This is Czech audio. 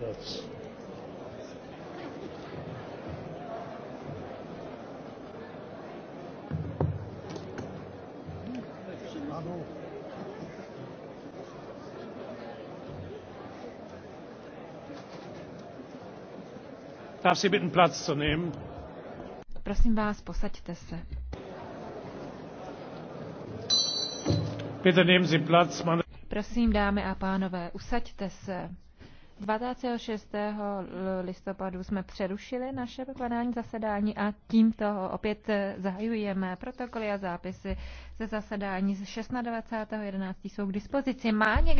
That's Darf Sie bitten, Platz zu nehmen? Prosím vás, posaďte se. Bitte nehmen Sie Platz, meine Prosím, dámy a pánové, usaďte se. 26. listopadu jsme přerušili naše plenární zasedání a tímto opět zahajujeme protokoly a zápisy ze zasedání z 16. 11. jsou k dispozici. Má někdo